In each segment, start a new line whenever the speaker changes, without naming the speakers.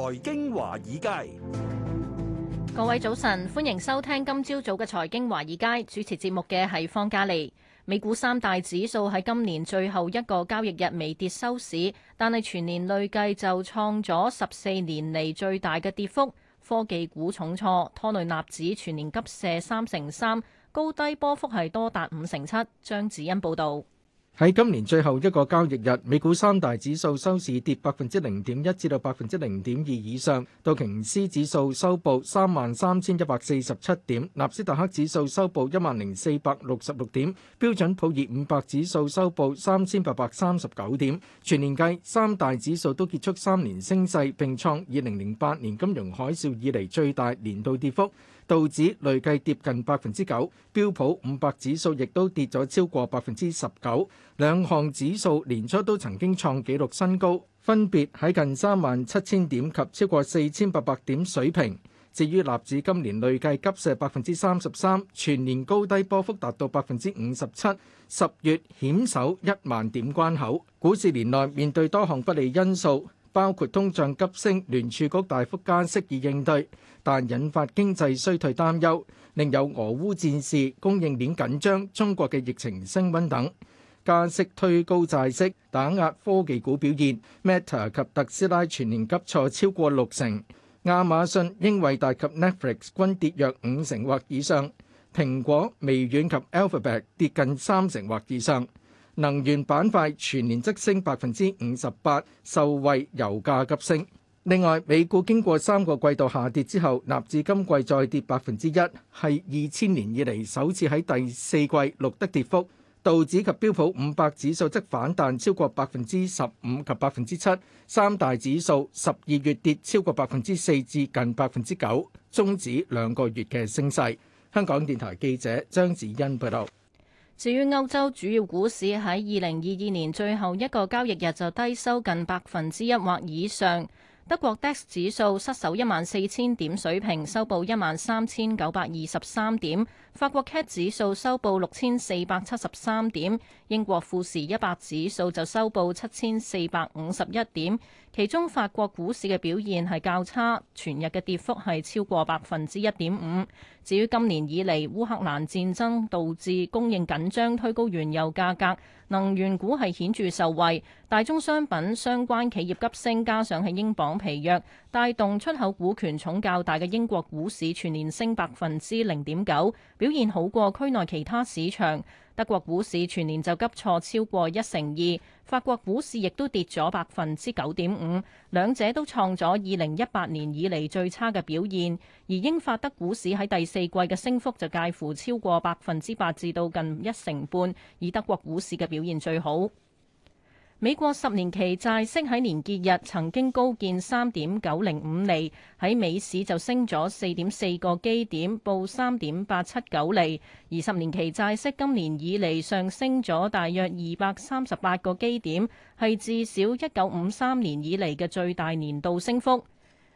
財經華爾街，
各位早晨，歡迎收聽今朝早嘅財經華爾街。主持節目嘅係方嘉利。美股三大指數喺今年最後一個交易日微跌收市，但係全年累計就創咗十四年嚟，最大嘅跌幅。科技股重挫，拖累納指全年急瀉，三成三，高低波幅係多達五成七。張子欣報道。
喺今年最後一個交易日，美股三大指數收市跌百分之零點一至到百分之零點二以上。道瓊斯指數收報三萬三千一百四十七點，納斯達克指數收報一萬零四百六十六點，標準普爾五百指數收報三千八百三十九點。全年計，三大指數都結束三年升勢，並創二零零八年金融海嘯以嚟最大年度跌幅。道指累計跌近百分之九，標普五百指數亦都跌咗超過百分之十九，兩項指數年初都曾經創紀錄新高，分別喺近三萬七千點及超過四千八百點水平。至於納指今年累計急跌百分之三十三，全年高低波幅達到百分之五十七，十月險守一萬點關口。股市年內面對多項不利因素。包括通脹急升，聯儲局大幅加息以應對，但引發經濟衰退擔憂；另有俄烏戰事、供應鏈緊張、中國嘅疫情升溫等，加息推高債息，打壓科技股表現。Meta 及特斯拉全年急挫超過六成，亞馬遜、英偉達及 Netflix 均跌約五成或以上，蘋果、微軟及 Alphabet 跌近三成或以上。能源板塊全年則升百分之五十八，受惠油價急升。另外，美股經過三個季度下跌之後，納指今季再跌百分之一，係二千年以嚟首次喺第四季錄得跌幅。道指及標普五百指數即反彈超過百分之十五及百分之七，三大指數十二月跌超過百分之四至近百分之九，終止兩個月嘅升勢，香港電台記者張子欣報道。
至於歐洲主要股市喺二零二二年最後一個交易日就低收近百分之一或以上。德國 DAX 指數失守一萬四千點水平，收報一萬三千九百二十三點。法國 CAC 指數收報六千四百七十三點。英國富時一百指數就收報七千四百五十一點。其中法國股市嘅表現係較差，全日嘅跌幅係超過百分之一點五。至於今年以嚟，烏克蘭戰爭導致供應緊張，推高原油價格，能源股係顯著受惠。大宗商品相關企業急升，加上喺英鎊。疲弱，帶動出口股權重較大嘅英國股市全年升百分之零點九，表現好過區內其他市場。德國股市全年就急挫超過一成二，法國股市亦都跌咗百分之九點五，兩者都創咗二零一八年以嚟最差嘅表現，而英法德股市喺第四季嘅升幅就介乎超過百分之八至到近一成半，以德國股市嘅表現最好。美國十年期債息喺年結日曾經高見三點九零五釐，喺美市就升咗四點四個基點，報三點八七九釐。而十年期債息今年以嚟上升咗大約二百三十八個基點，係至少一九五三年以嚟嘅最大年度升幅。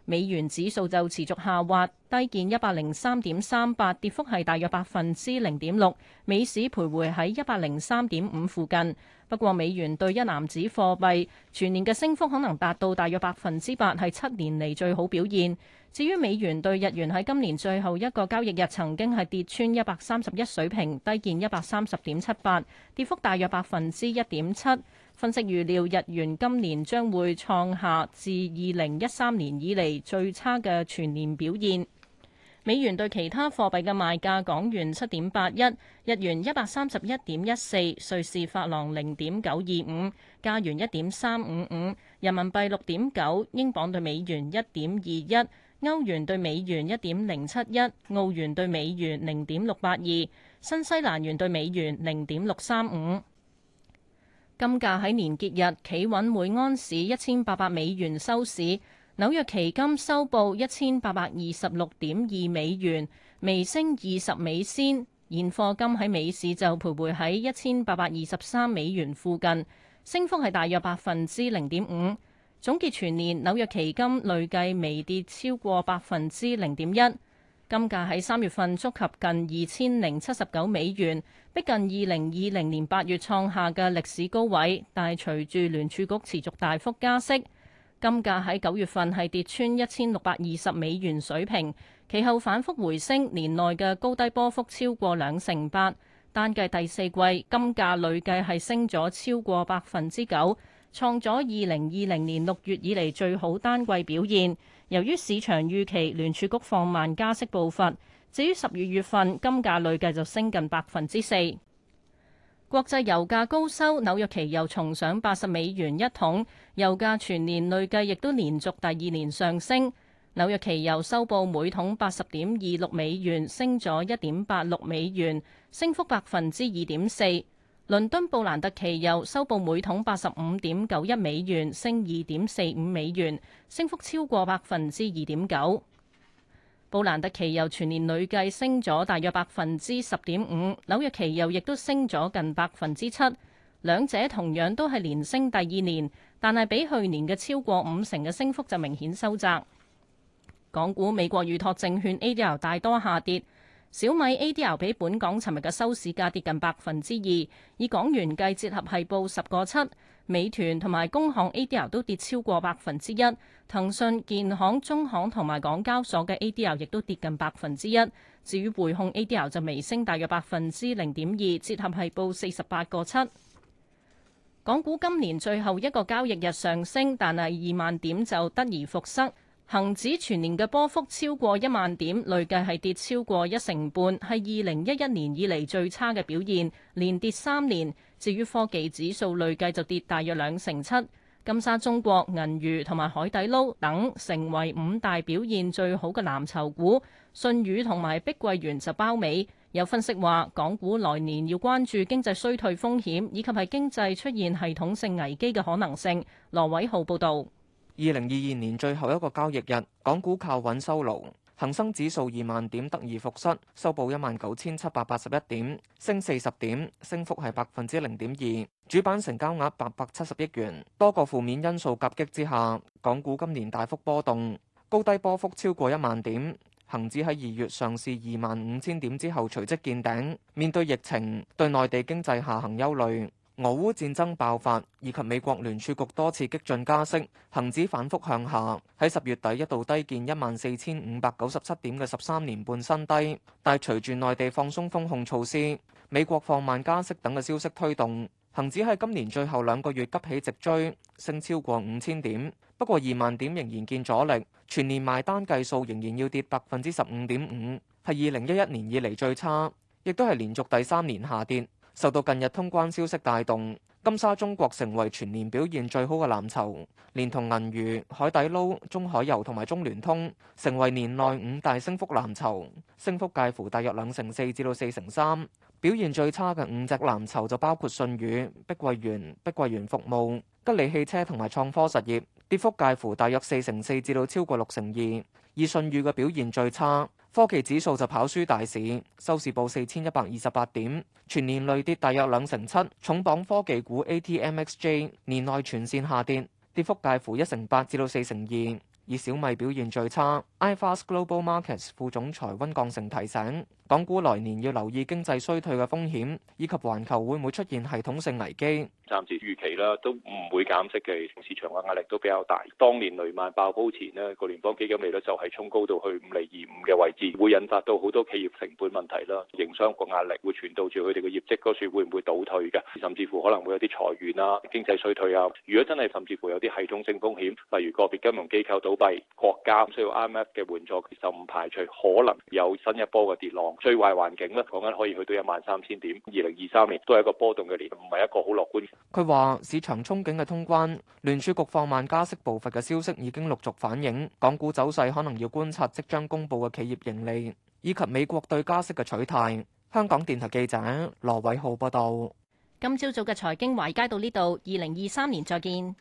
美元指數就持續下滑，低見一百零三點三八，跌幅係大約百分之零點六。美市徘徊喺一百零三點五附近。不過美元兌一籃子貨幣全年嘅升幅可能達到大約百分之八，係七年嚟最好表現。至於美元對日元喺今年最後一個交易日，曾經係跌穿一百三十一水平，低見一百三十點七八，跌幅大約百分之一點七。分析預料日元今年將會創下自二零一三年以嚟最差嘅全年表現。美元對其他貨幣嘅賣價：港元七點八一，日元一百三十一點一四，瑞士法郎零點九二五，加元一點三五五，人民幣六點九，英鎊對美元一點二一。歐元對美元一點零七一，澳元對美元零點六八二，新西蘭元對美元零點六三五。金價喺年結日企穩，每安士一千八百美元收市。紐約期金收報一千八百二十六點二美元，微升二十美仙。現貨金喺美市就徘徊喺一千八百二十三美元附近，升幅係大約百分之零點五。總結全年，紐約期金累計微跌超過百分之零點一，金價喺三月份觸及近二千零七十九美元，逼近二零二零年八月創下嘅歷史高位。但係隨住聯儲局持續大幅加息，金價喺九月份係跌穿一千六百二十美元水平，其後反覆回升，年內嘅高低波幅超過兩成八。單計第四季，金價累計係升咗超過百分之九。創咗二零二零年六月以嚟最好單季表現。由於市場預期聯儲局放慢加息步伐，至於十二月份金價累計就升近百分之四。國際油價高收，紐約期油重上八十美元一桶，油價全年累計亦都連續第二年上升。紐約期油收報每桶八十點二六美元，升咗一點八六美元，升幅百分之二點四。倫敦布蘭特期油收報每桶八十五點九一美元，升二點四五美元，升幅超過百分之二點九。布蘭特期油全年累計升咗大約百分之十點五，紐約期油亦都升咗近百分之七，兩者同樣都係連升第二年，但係比去年嘅超過五成嘅升幅就明顯收窄。港股美國預託證券 ADR 大多下跌。小米 ADR 比本港尋日嘅收市價跌近百分之二，以港元計，折合係報十個七。美團同埋工行 ADR 都跌超過百分之一，騰訊、建行、中行同埋港交所嘅 ADR 亦都跌近百分之一。至於匯控 ADR 就微升大約百分之零點二，折合係報四十八個七。港股今年最後一個交易日上升，但係二萬點就得而復失。恒指全年嘅波幅超過一萬點，累計係跌超過一成半，係二零一一年以嚟最差嘅表現，連跌三年。至於科技指數累計就跌大約兩成七。金沙中國、銀娛同埋海底撈等成為五大表現最好嘅藍籌股，信宇同埋碧桂園就包尾。有分析話，港股來年要關注經濟衰退風險，以及係經濟出現系統性危機嘅可能性。羅偉浩報道。
二零二二年最後一個交易日，港股靠穩收爐，恒生指數二萬點得而復失，收報一萬九千七百八十一點，升四十點，升幅係百分之零點二。主板成交額八百七十億元，多個負面因素夾擊之下，港股今年大幅波動，高低波幅超過一萬點。恒指喺二月上市二萬五千點之後，隨即見頂，面對疫情，對內地經濟下行憂慮。俄烏戰爭爆發，以及美國聯儲局多次激進加息，恒指反覆向下。喺十月底一度低見一萬四千五百九十七點嘅十三年半新低。但係隨住內地放鬆封控措施，美國放慢加息等嘅消息推動，恒指喺今年最後兩個月急起直追，升超過五千點。不過二萬點仍然見阻力，全年埋單計數仍然要跌百分之十五點五，係二零一一年以嚟最差，亦都係連續第三年下跌。受到近日通關消息帶動，金沙中國成為全年表現最好嘅藍籌，連同銀娛海底撈、中海油同埋中聯通，成為年內五大升幅藍籌，升幅介乎大約兩成四至到四成三。表現最差嘅五隻藍籌就包括信譽、碧桂園、碧桂園服務、吉利汽車同埋創科實業，跌幅介乎大約四成四至到超過六成二，以信譽嘅表現最差。科技指數就跑輸大市，收市報四千一百二十八點，全年累跌大約兩成七。重磅科技股 ATMXJ 年內全線下跌，跌幅介乎一成八至到四成二。以小米表現最差。iFAST Global Markets 副總裁温鋼成提醒，港股來年要留意經濟衰退嘅風險，以及環球會唔會出現系統性危機。暫時預期啦，都唔會減息嘅，市場個壓力都比較大。當年雷曼爆煲前咧，個聯邦基金利率就係衝高到去五釐二五嘅位置，會引發到好多企業成本問題啦，營商個壓力會傳導住佢哋嘅業績嗰處，會唔會倒退嘅？甚至乎可能會有啲裁員啊，經濟衰退啊。如果真係甚至乎有啲系統性風險，例如個別金融機構倒閉、國家需要 IMF 嘅援助，其實唔排除可能有新一波嘅跌浪，最壞環境呢，講緊可以去到一萬三千點。二零二三年都係一個波動嘅年，唔係一個好樂觀。佢話市場憧憬嘅通關、聯儲局放慢加息步伐嘅消息已經陸續反映，港股走勢可能要觀察即將公布嘅企業盈利，以及美國對加息嘅取態。香港電台記者羅偉浩報道。
今朝早嘅財經華爾街到呢度，二零二三年再見。